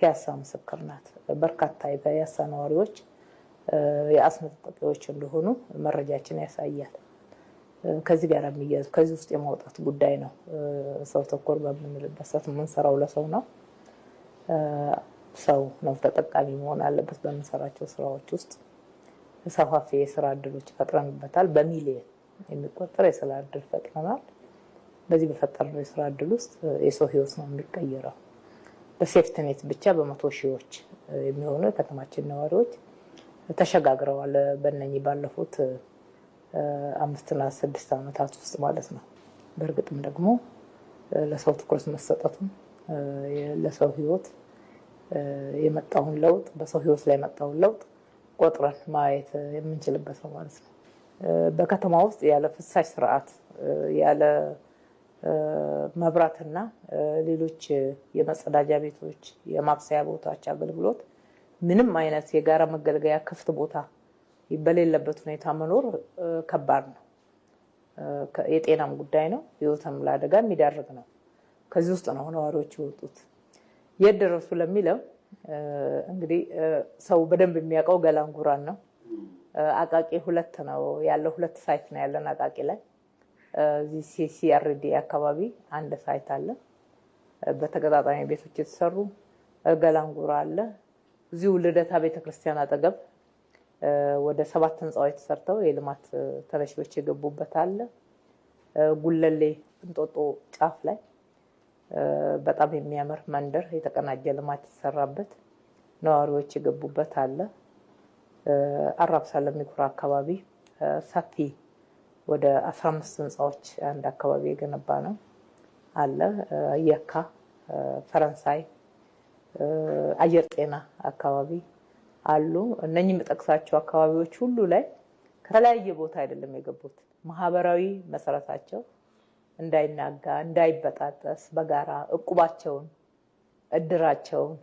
ፒያሳ ምስክር ናት። በርካታ የፒያሳ ነዋሪዎች የአስም ተጠቂዎች እንደሆኑ መረጃችን ያሳያል። ከዚህ ጋር የሚያዝ ከዚህ ውስጥ የማውጣት ጉዳይ ነው። ሰው ተኮር በምንልበት ሰዓት የምንሰራው ለሰው ነው። ሰው ነው ተጠቃሚ መሆን አለበት። በምንሰራቸው ስራዎች ውስጥ ሰፋፊ የስራ እድሎች ፈጥረንበታል። በሚሊየን የሚቆጠር የስራ እድል ፈጥረናል። በዚህ በፈጠርነው የስራ እድል ውስጥ የሰው ህይወት ነው የሚቀየረው። በሴፍትኔት ብቻ በመቶ ሺዎች የሚሆኑ የከተማችን ነዋሪዎች ተሸጋግረዋል። በእነኚህ ባለፉት አምስትና ስድስት ዓመታት ውስጥ ማለት ነው። በእርግጥም ደግሞ ለሰው ትኩረት መሰጠቱም ለሰው ህይወት የመጣውን ለውጥ በሰው ህይወት ላይ የመጣውን ለውጥ ቆጥረን ማየት የምንችልበት ነው ማለት ነው። በከተማ ውስጥ ያለ ፍሳሽ ስርዓት ያለ መብራትና ሌሎች የመጸዳጃ ቤቶች፣ የማብሰያ ቦታዎች አገልግሎት ምንም አይነት የጋራ መገልገያ ክፍት ቦታ በሌለበት ሁኔታ መኖር ከባድ ነው። የጤናም ጉዳይ ነው። ህይወትም ለአደጋ የሚዳርግ ነው። ከዚህ ውስጥ ነው ነዋሪዎች የወጡት። የት ደረሱ ለሚለው እንግዲህ ሰው በደንብ የሚያውቀው ገላንጉራን ነው። አቃቂ ሁለት ነው ያለው። ሁለት ሳይት ነው ያለን አቃቂ ላይ እዚህ ሲሲአርዲ አካባቢ አንድ ሳይት አለ። በተገጣጣሚ ቤቶች የተሰሩ ገላንጉራ አለ። እዚሁ ልደታ ቤተክርስቲያን አጠገብ ወደ ሰባት ህንፃዎች ተሰርተው የልማት ተነሺዎች የገቡበት አለ። ጉለሌ እንጦጦ ጫፍ ላይ በጣም የሚያምር መንደር የተቀናጀ ልማት የተሰራበት ነዋሪዎች የገቡበት አለ። አራብሳ ለሚኩራ አካባቢ ሰፊ ወደ አስራአምስት ህንፃዎች አንድ አካባቢ የገነባ ነው አለ። የካ ፈረንሳይ አየር ጤና አካባቢ አሉ። እነኚህ የምጠቅሳቸው አካባቢዎች ሁሉ ላይ ከተለያየ ቦታ አይደለም የገቡት። ማህበራዊ መሰረታቸው እንዳይናጋ፣ እንዳይበጣጠስ በጋራ እቁባቸውን፣ እድራቸውን፣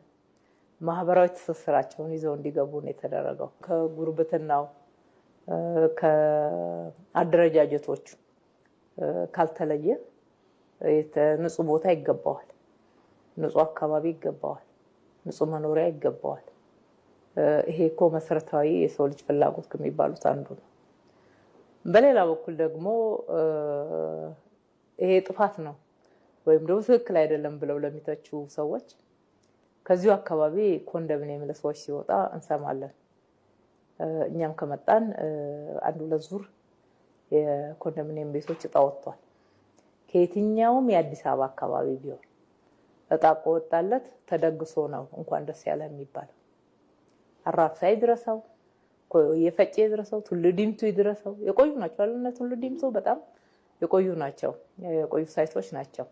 ማህበራዊ ትስስራቸውን ይዘው እንዲገቡ ነው የተደረገው። ከጉርብትናው ከአደረጃጀቶቹ ካልተለየ ንጹህ ቦታ ይገባዋል፣ ንጹህ አካባቢ ይገባዋል፣ ንጹህ መኖሪያ ይገባዋል። ይሄ እኮ መሰረታዊ የሰው ልጅ ፍላጎት ከሚባሉት አንዱ ነው። በሌላ በኩል ደግሞ ይሄ ጥፋት ነው ወይም ደግሞ ትክክል አይደለም ብለው ለሚተቹ ሰዎች ከዚሁ አካባቢ የሚለ ሰዎች ሲወጣ እንሰማለን። እኛም ከመጣን አንድ ሁለት ዙር የኮንዶሚኒየም ቤቶች እጣ ወጥቷል። ከየትኛውም የአዲስ አበባ አካባቢ ቢሆን እጣ ከወጣለት ተደግሶ ነው እንኳን ደስ ያለ የሚባለው። አራብሳ ይድረሰው፣ የፈጭ ይድረሰው፣ ቱሉ ዲምቱ ይድረሰው። የቆዩ ናቸው አለ ቱሉ ዲምቱ በጣም የቆዩ ናቸው፣ የቆዩ ሳይቶች ናቸው።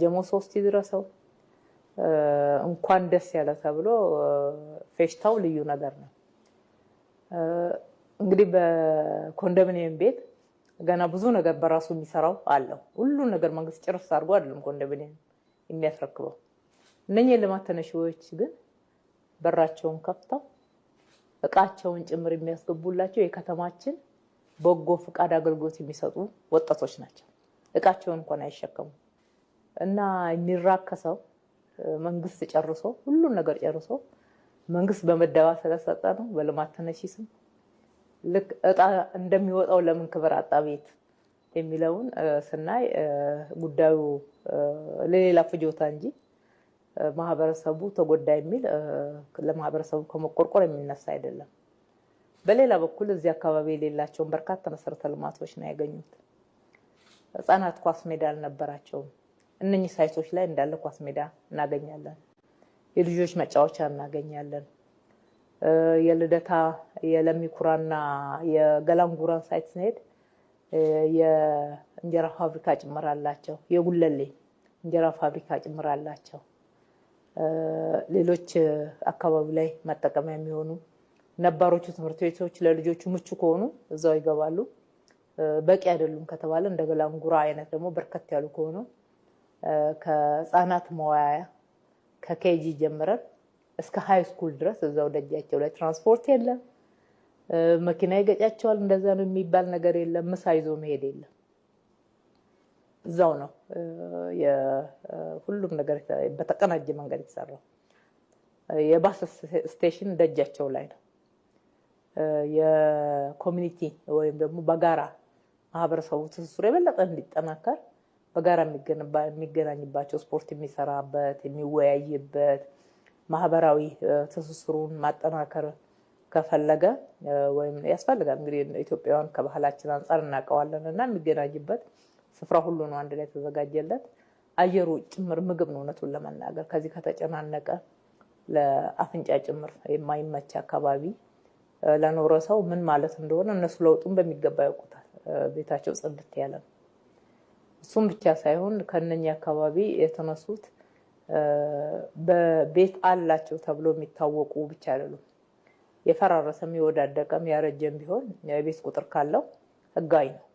ጀሞ ሶስት ይድረሰው። እንኳን ደስ ያለ ተብሎ ፌሽታው ልዩ ነገር ነው። እንግዲህ በኮንዶሚኒየም ቤት ገና ብዙ ነገር በራሱ የሚሰራው አለው። ሁሉን ነገር መንግስት ጭርስ አድርጎ አይደለም ኮንዶሚኒየም የሚያስረክበው። እነኚህ የልማት ተነሺዎች ግን በራቸውን ከፍተው እቃቸውን ጭምር የሚያስገቡላቸው የከተማችን በጎ ፈቃድ አገልግሎት የሚሰጡ ወጣቶች ናቸው። እቃቸውን እንኳን አይሸከሙ እና የሚራከሰው መንግስት ጨርሶ ሁሉን ነገር ጨርሶ መንግስት በመደባ ስለሰጠ ነው በልማት ተነሺ ስም ልክ እጣ እንደሚወጣው ለምን ክብር አጣ ቤት የሚለውን ስናይ ጉዳዩ ለሌላ ፍጆታ እንጂ ማህበረሰቡ ተጎዳ የሚል ለማህበረሰቡ ከመቆርቆር የሚነሳ አይደለም። በሌላ በኩል እዚህ አካባቢ የሌላቸውን በርካታ መሰረተ ልማቶች ነው ያገኙት። ህጻናት ኳስ ሜዳ አልነበራቸውም። እነኚህ ሳይቶች ላይ እንዳለ ኳስ ሜዳ እናገኛለን፣ የልጆች መጫወቻ እናገኛለን። የልደታ የለሚኩራና የገላንጉራን ሳይት ስንሄድ የእንጀራ ፋብሪካ ጭምር አላቸው። የጉለሌ እንጀራ ፋብሪካ ጭምር አላቸው። ሌሎች አካባቢ ላይ መጠቀሚያ የሚሆኑ ነባሮቹ ትምህርት ቤቶች ለልጆቹ ምቹ ከሆኑ እዛው ይገባሉ። በቂ አይደሉም ከተባለ እንደ ገላንጉራ አይነት ደግሞ በርከት ያሉ ከሆኑ ከህፃናት መዋያ ከኬጂ ጀምረን እስከ ሀይ ስኩል ድረስ እዛው ደጃቸው ላይ ትራንስፖርት የለም፣ መኪና ይገጫቸዋል። እንደዛ ነው የሚባል ነገር የለም። ምሳ ይዞ መሄድ የለም። እዛው ነው ሁሉም ነገር በተቀናጀ መንገድ የተሰራው። የባስ ስቴሽን ደጃቸው ላይ ነው። የኮሚኒቲ ወይም ደግሞ በጋራ ማህበረሰቡ ትስስሩ የበለጠ እንዲጠናከር በጋራ የሚገናኝባቸው ስፖርት የሚሰራበት የሚወያይበት ማህበራዊ ትስስሩን ማጠናከር ከፈለገ ወይም ያስፈልጋል። እንግዲህ ኢትዮጵያውያን ከባህላችን አንጻር እናውቀዋለን እና የሚገናኝበት ስፍራ ሁሉ ነው አንድ ላይ ተዘጋጀለት። አየሩ ጭምር ምግብ ነው። እውነቱን ለመናገር ከዚህ ከተጨናነቀ ለአፍንጫ ጭምር የማይመች አካባቢ ለኖረ ሰው ምን ማለት እንደሆነ እነሱ ለውጡን በሚገባ ያውቁታል። ቤታቸው ጽድት ያለ ነው። እሱም ብቻ ሳይሆን ከነኛ አካባቢ የተነሱት በቤት አላቸው ተብሎ የሚታወቁ ብቻ አይደሉም። የፈራረሰም የወዳደቀም ያረጀም ቢሆን የቤት ቁጥር ካለው ህጋዊ ነው።